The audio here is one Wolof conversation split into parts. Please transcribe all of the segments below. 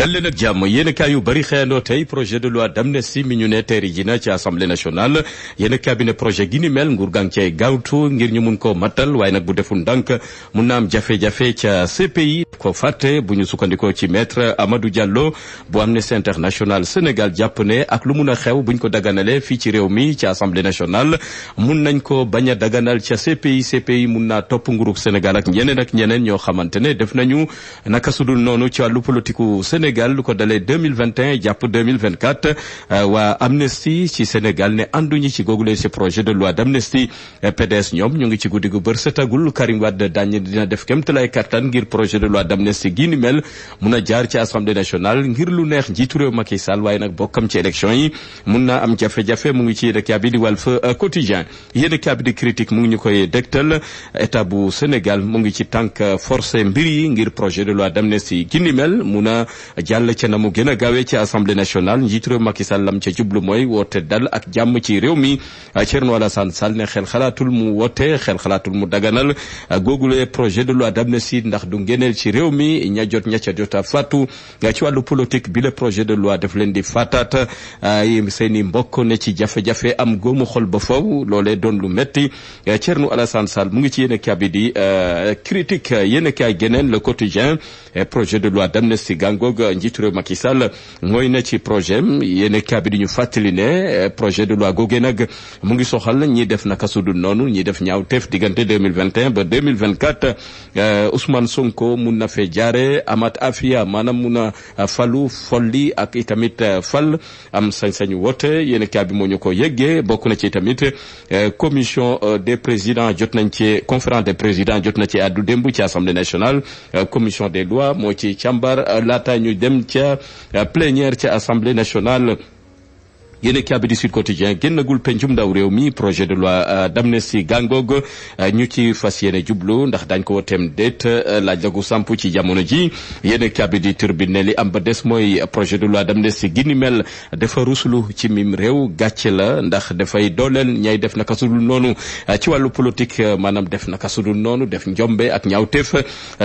dal leen ak jàmm yéenekaay yu bari xëyandoo tey projet de loi d'amnistie mi ñu ne teeri ji na ci assemblée nationale yéenekaay bi ne projet gi ni mel nguur gang cay gaawtu ngir ñu mun koo mattal waaye nag bu deful ndànk mun na am jafe-jafe ca CPI ko fàtte bu ñu sukkandikoo ci maître Amadou Diallo bu Amnesty International Sénégal jàpp ne ak lu mun a xew buñ ko daganale fii ci réew mi ci assemblée nationale mun nañ ko bañ a daganal ca CPI CPI mun naa topp nguurug Sénégal ak ñeneen ak ñeneen ñoo xamante ne def nañu Sénégal lu ko dalee 2021 jàpp 2024 euh, waa Amnesty ci Sénégal ne ànduñu ci googulee ci projet de loi d'amnistie euh, PDS ñoom ñu ngi ci guddi gu bër setagul Karim Wade daañu dina def kéemtalaay kattan ngir projet de loi d'amnistie gii ni mel mun a jaar ci assemblée nationale ngir lu neex njiitu réew Macky Sall waaye nag bokkam ci élection yi mun na am jafe-jafe mu ngi ci yéen a bi di Walf euh, Quotidien yéen a bi di critique mu ngi ñu koy dégtal état bu Sénégal mu ngi ci tànk forcé mbir yi ngir projet de loi d'amnistie gi ni jàll ca na mu gën a gaawee ci assemblée nationale njiit réew Macky Sall lam ca jublu mooy woote dal ak jàmm ci réew mi Thierno Alassane Sall ne xel xalaatul mu woote xel xalaatul mu daganal googule projet de loi d'amnistie ndax du ngeneel ci réew mi ña jot ña ca a fàttu ci wàllu politique bi le projet de loi daf leen di fàttaat ay seeni mbokk ne ci jafe-jafe am góomu xol ba faw loolee doon lu métti Thierno Alassane Sall mu ngi ci yéen a kaabi di euh, critique yéen a kaay geneen le quotidien projet de loi d'amnistie gàngoog njiitu réew Macky Sall mooy na ci projet yéen kaa bi di ñu fàttali ne eh, projet de loi googee nag mu ngi soxal ñi def naka sudul noonu ñi def ñaaw teef diggante 2021 ba 2024 eh, Ousmane Sonko mun na fe jaare amat afia maanaam mun a falu folli ak itamit eh, fal am sañ-sañu woote yéen kaa bi moo ñu ko yëggee bokk na ci tamit commission des président jot nañ ci conférence des présidents jot na ci addu démb ci assemblée nationale commission des lois moo ci càmbar ñu dem ca euh, plénière ca assemblée nationale yéen a bi di Sud Quotidien génnagul pencum ndaw réew mi projet de loi euh, d'amnistie gàngoog euh, ñu ci fas yéene jublu ndax dañ ko woteem déet euh, laaj la gu samp ci jamono ji yéen a bi di Tribune ne am ba des mooy projet de loi d'amnistie gi ni mel dafa ruslu ci mim réew gàcce la ndax dafay dooleel ñay def naka sudul noonu ci wàllu politique maanaam def naka sudul noonu def njombe ak ñaawteef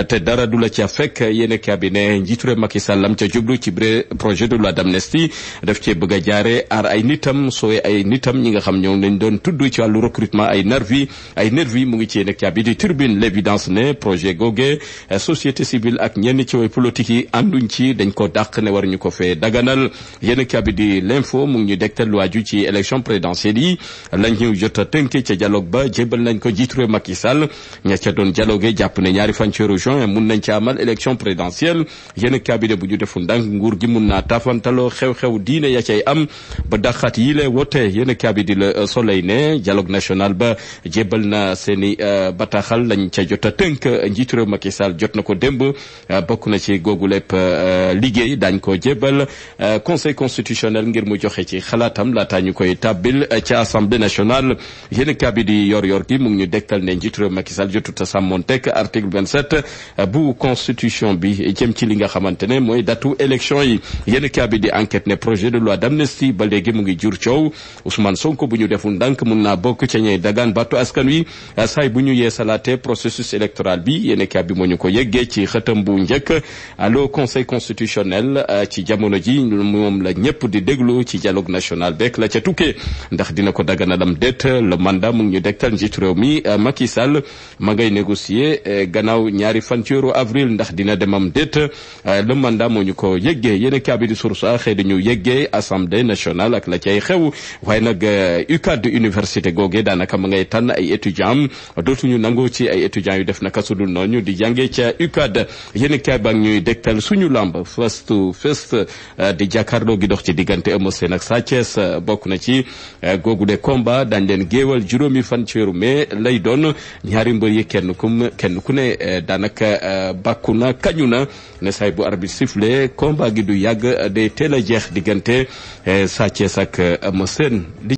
te dara du la ca fekk yéen a cabinet njiitu réew Macky Sall ca jublu ci projet de loi d'amnistie daf cee bëgg a jaare aar ay nitam sooy ay nitam ñi nga xam ñoom lañ doon tudd ci wàllu recrutement ay nervi ay nervi mu ngi ci yéen ak caabi di turbine l'évidence ne projet goge eh, société civile ak ñenn ci way politique yi ànduñ ci dañ ko dàq ne war ñu ko fee daganal yéen ak caabi di l'info mu ngi ñu dégtal lu aju ci élection présidentielle yi lañ ñu jot a tënke ca dialogue ba jébal nañ ko jiitu réew Macky Sall ña ca doon dialogue jàpp ne ñaari fan ci weeru mun nañ ca amal élection présidentielle yéen ak caabi bu ñu defu ndànk nguur gi mun naa taafantaloo xew-xew diine ya cay am ba dàqaat yi lee woote yéen a kaabi di Le Soleil ne dialogue national ba jébal na seeni euh, bataxal lañ ca jot a tënk njiitu réew jot na ko démb euh, bokk na ci googu lépp euh, liggéey dañ ko jébal conseil constitutionnel ngir mu joxe ci xalaatam laataa ñu koy tàbbil ca assemblée national yéen a di yor yor di mu ñu dekkal ne njiitu réew Macky Sall jotut a sàmmoon tekk article 27 bu constitution bi jëm ci li nga xamante ne mooy datu élection yi yéen a kaabi ne projet de loi gi mu ngi jur coow Ousmane Sonko bu ñu deful ndànk mun naa bokk ca ñey dagaan battu askan wi saay bu ñu yeesalaatee processus électoral bi yéen bi moo ñu ko yëggee ci xëtam bu njëkk allo conseil constitutionnel ci jamono ji moom la ñëpp di déglu ci jalog national beek la ca tukkee ndax dina ko daganalam déet le mandat mu ngi ñu dektal njiitu réew mi Macky Sall ma ngay négocier eh, gannaaw ñaari fan ci weeru avril ndax dina demam déet eh, le mandat moo ñu ko yëggee yéen a di source ñu yëggee assemblée ak la cay xew waaye nag euh, UCAD université googe daanaka ma ngay tànn ay étudiants dootuñu nangu ci ay étudiants yu def naka su dul noonu di jàngee ca UCAD yéen kaay ba ñuy dégtal suñu lamb first to first euh, di jàkkaarloo gi dox ci diggante Eumeu Sène ak Sa euh, bokk na ci googu de combat dañ leen géewal juróomi fan ci weeru mai lay doon ñaari mbër yi kenn kum kenn ku ne daanaka bàkku na kañu na ne say bu arbitre sifflé gi du yàgg day teel jeex diggante Sa Thiès Thiès ak Eumeu